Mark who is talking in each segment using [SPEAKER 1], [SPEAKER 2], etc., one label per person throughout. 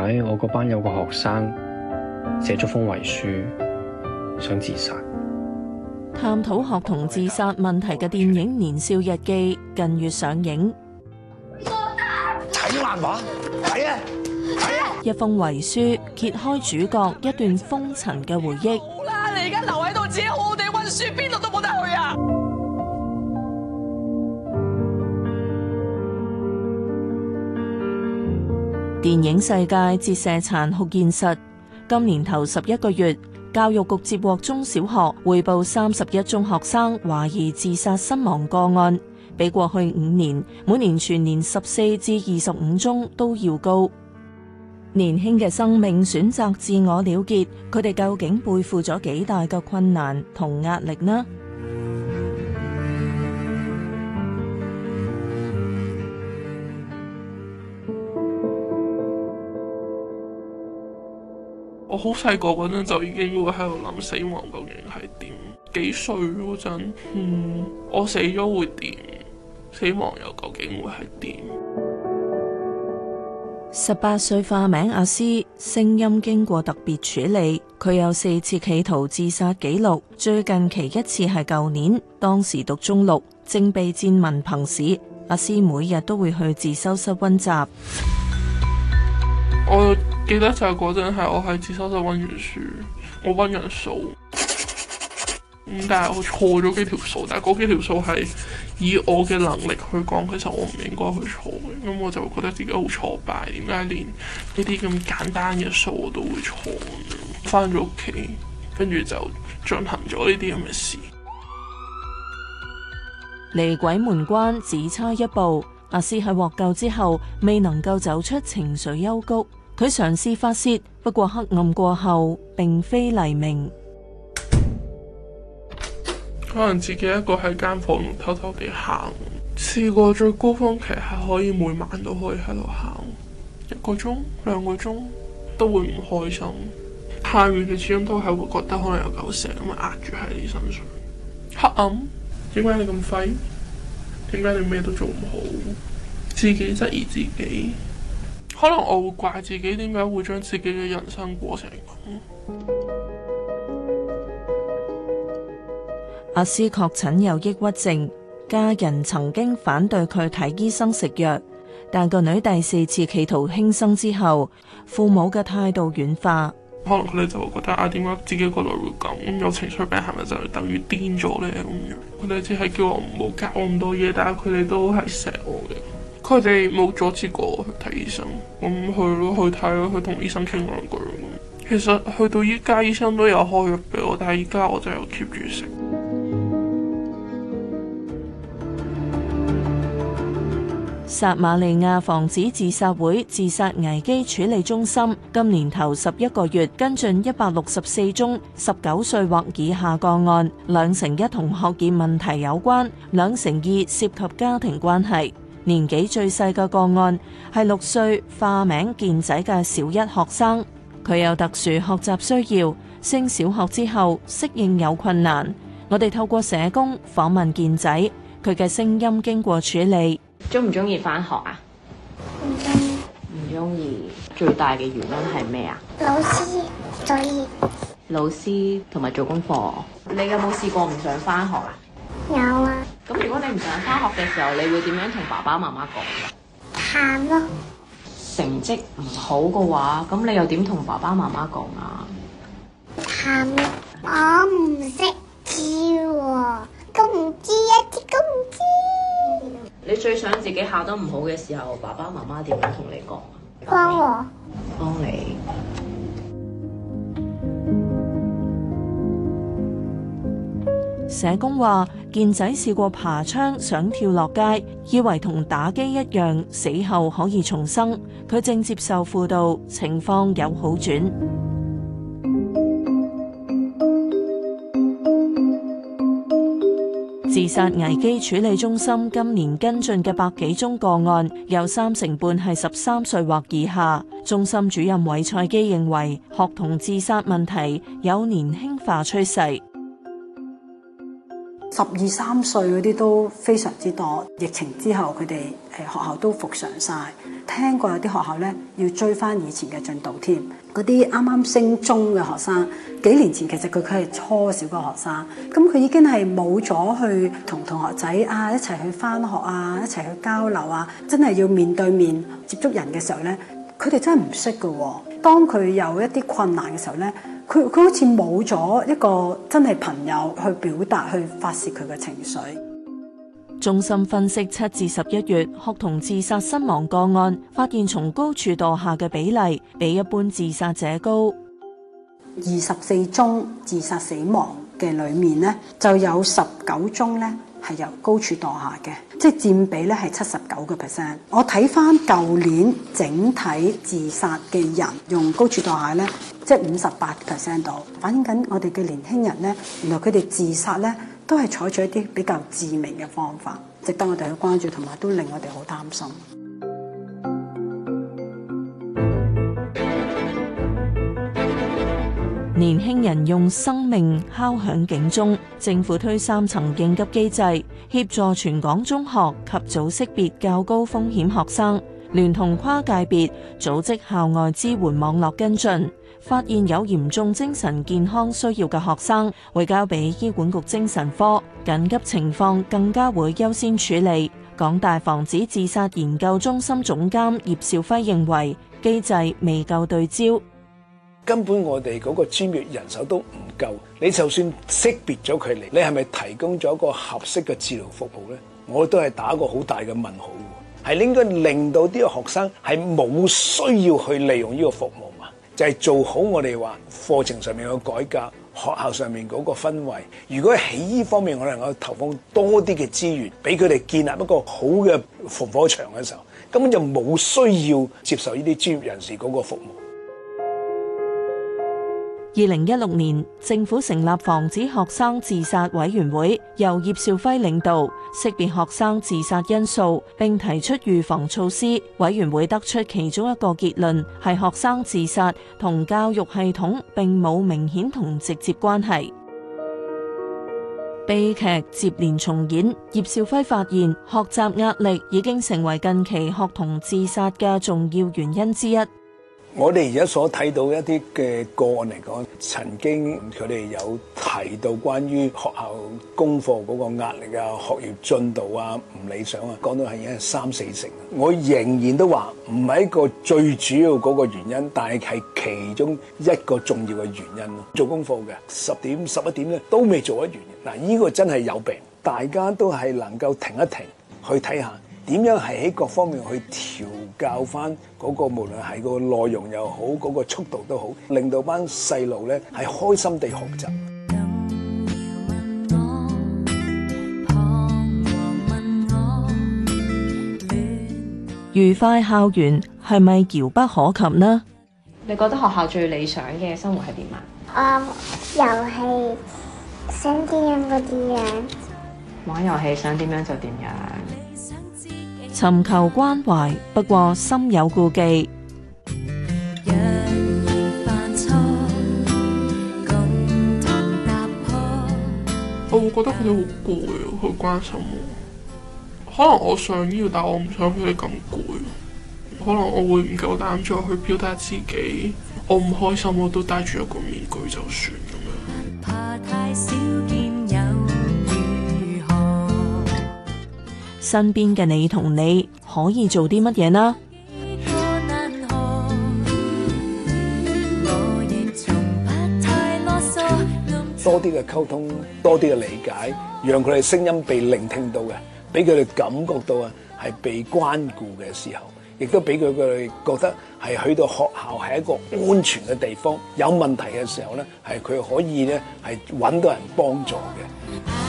[SPEAKER 1] 喺我個班有個學生寫咗封遺書，想自殺。
[SPEAKER 2] 探討學童自殺問題嘅電影《年少日記》近月上映。
[SPEAKER 1] 睇漫畫，
[SPEAKER 2] 睇啊，睇啊！一封遺書揭開主角一段封塵嘅回憶。好啦，你而家留喺度，自己好好哋溫書，邊度都冇得去啊！電影世界折射殘酷現實。今年頭十一個月，教育局接獲中小學匯報三十一宗學生懷疑自殺身亡個案，比過去五年每年全年十四至二十五宗都要高。年輕嘅生命選擇自我了結，佢哋究竟背負咗幾大嘅困難同壓力呢？
[SPEAKER 1] 我好細個嗰陣就已經會喺度諗死亡究竟係點？幾歲嗰陣，嗯，我死咗會點？死亡又究竟會係點？
[SPEAKER 2] 十八歲化名阿斯，聲音經過特別處理。佢有四次企圖自殺記錄，最近期一次係舊年，當時讀中六，正備戰文憑試。阿斯每日都會去自修室溫習。
[SPEAKER 1] 我。記得就係嗰陣，係我喺自修室温完書，我温人數咁，但係我錯咗幾條數。但係嗰幾條數係以我嘅能力去講，其實我唔應該去錯嘅。咁我就覺得自己好挫敗，點解連呢啲咁簡單嘅數我都會錯？翻咗屋企，跟住就進行咗呢啲咁嘅事。
[SPEAKER 2] 離鬼門關只差一步，阿斯喺獲救之後，未能夠走出情緒幽谷。佢嘗試發洩，不過黑暗過後並
[SPEAKER 1] 非黎明。可能自己一個喺間房度偷偷地行，試過最高峰期係可以每晚都可以喺度行一個鐘、兩個鐘，都會唔開心。下面嘅始終都係會覺得可能有狗蛇咁壓住喺你身上，黑暗。點解你咁廢？點解你咩都做唔好？自己質疑自己。可能我會怪自己點解會將自己嘅人生過成咁。
[SPEAKER 2] 阿斯確診有抑鬱症，家人曾經反對佢睇醫生食藥，但個女第四次企圖輕生之後，父母嘅態度軟化。
[SPEAKER 1] 可能佢哋就會覺得啊，點解自己個女會咁有情緒病，係咪就等於癲咗呢？」咁樣？佢哋只係叫我唔好搞咁多嘢，但係佢哋都係成。佢哋冇阻止過我去睇醫生，咁去咯，去睇咯，去同醫生傾兩句，其實去到依家，醫生都有開藥俾我，但係依家我真係有 keep 住食。
[SPEAKER 2] 薩馬利亞防止自殺會自殺危機處理中心今年頭十一個月跟進一百六十四宗十九歲或以下個案，兩成一同學業問題有關，兩成二涉及家庭關係。年紀最細嘅個案係六歲，化名健仔嘅小一學生，佢有特殊學習需要，升小學之後適應有困難。我哋透過社工訪問健仔，佢嘅聲音經過處理。中唔中意翻學啊？唔中意，唔中意。最大嘅原因係咩啊？老師作業，老師同埋做功課。你有冇試過唔想翻學啊？有啊。咁如果你唔想返學嘅時候，你會點樣同爸爸媽媽講？喊咯、啊。
[SPEAKER 3] 成績唔好嘅話，咁你又點同爸爸媽媽講啊？
[SPEAKER 2] 喊、啊、我唔識知喎、啊，都唔知一啲、啊，都唔知。你最想自己考得唔好嘅時候，爸爸媽媽點樣同你講？幫我。幫你。社工話。健仔試過爬窗想跳落街，以為同打機一樣，死後可以重生。佢正接受輔導，情況有好轉。 自殺危機處理中心今年跟進嘅百幾宗個案，有三成半係十三歲或以下。中心主任韋賽基認為，學童自殺問題有年輕化趨勢。十二三歲
[SPEAKER 3] 嗰啲都非常之多。疫情之後，佢哋誒學校都復常晒。聽過有啲學校呢，要追翻以前嘅進度添。嗰啲啱啱升中嘅學生，幾年前其實佢佢係初小嘅學生，咁佢已經係冇咗去同同學仔啊一齊去翻學啊一齊去交流啊，真係要面對面接觸人嘅時候呢，佢哋真係唔識㗎喎。當佢有一啲困難嘅時候呢。佢佢好似冇咗一個真係朋友去表達、去發泄佢嘅情緒。
[SPEAKER 2] 中心分析七至十一月學童自殺身亡個案，發現從高處墮下嘅比例比一般自殺者高。二十
[SPEAKER 3] 四宗自殺死亡嘅裡面呢，就有十九宗呢係由高處墮下嘅，即係佔比呢係七十九個 percent。我睇翻舊年整體自殺嘅人用高處墮下呢。即係五十八 percent 度，反映緊，我哋嘅年輕人呢，原來佢哋自殺呢都係採取一啲比較致命嘅方法，值得我哋去關注，同埋都令我哋好擔心。
[SPEAKER 2] 年輕人用生命敲響警鐘，政府推三層應急機制協助全港中學及早識別較高風險學生，聯同跨界別組織校外支援網絡跟進。發現有嚴重精神健康需要嘅學生，會交俾醫管局精神科。緊急情況更加會優先處理。港大防止自殺研究中心總監葉兆輝認為機制未夠對焦，
[SPEAKER 4] 根本我哋嗰個專業人手都唔夠。你就算識別咗佢嚟，你係咪提供咗一個合適嘅治療服務呢？我都係打個好大嘅問號。係應該令到啲個學生係冇需要去利用呢個服務。就係做好我哋話課程上面嘅改革，學校上面嗰個氛圍，如果喺呢方面我哋能夠投放多啲嘅資源，俾佢哋建立一個好嘅防火牆嘅時候，根本就冇需要接受呢啲專業人士嗰個服務。
[SPEAKER 2] 二零一六年，政府成立防止學生自殺委員會，由葉兆輝領導，識別學生自殺因素，並提出預防措施。委員會得出其中一個結論係學生自殺同教育系統並冇明顯同直接關係。悲劇接連重演，葉兆輝發現學習壓力已經成為近期學童自殺嘅重要原因之一。
[SPEAKER 4] 我哋而家所睇到一啲嘅個案嚟講，曾經佢哋有提到關於學校功課嗰個壓力啊、學業進度啊唔理想啊，講到係已經係三四成。我仍然都話唔係一個最主要嗰個原因，但係係其中一個重要嘅原因咯。做功課嘅十點十一點咧都未做得完，嗱，呢個真係有病，大家都係能夠停一停去睇下。點樣係喺各方面去調教翻嗰個，無論係個內容又好，嗰個速度都好，令到班細路咧係開心地學習。
[SPEAKER 2] 愉快校園係咪遙不可及呢？你覺得學校最理想嘅生活係點？啊，遊戲想點樣就點樣。玩遊戲想點樣就點樣。尋求關懷，不過心有顧忌。
[SPEAKER 1] 我會覺得佢哋好攰，去關心我。可能我想要，但我唔想佢哋咁攰。可能我會唔夠膽再去表達自己。我唔開心，我都戴住一個面具就算
[SPEAKER 2] 身邊嘅你同你可以做啲乜嘢呢？
[SPEAKER 4] 多啲嘅溝通，多啲嘅理解，讓佢哋聲音被聆聽到嘅，俾佢哋感覺到啊係被關顧嘅時候，亦都俾佢佢哋覺得係去到學校係一個安全嘅地方，有問題嘅時候咧係佢可以咧係揾到人幫助嘅。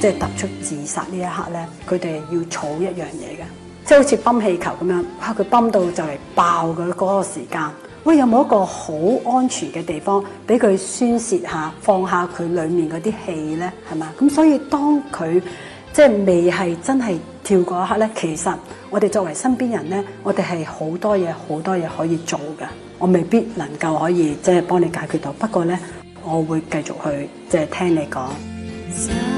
[SPEAKER 4] 即係突出
[SPEAKER 3] 自殺呢一刻咧，佢哋要儲一樣嘢嘅，即係好似泵氣球咁樣，哈佢泵到就嚟爆嘅嗰個時間，喂有冇一個好安全嘅地方俾佢宣洩下，放下佢裡面嗰啲氣咧，係嘛？咁所以當佢即係未係真係跳嗰一刻咧，其實我哋作為身邊人咧，我哋係好多嘢好多嘢可以做嘅，我未必能夠可以即係、就是、幫你解決到，不過咧，我會繼續去即係、就是、聽你講。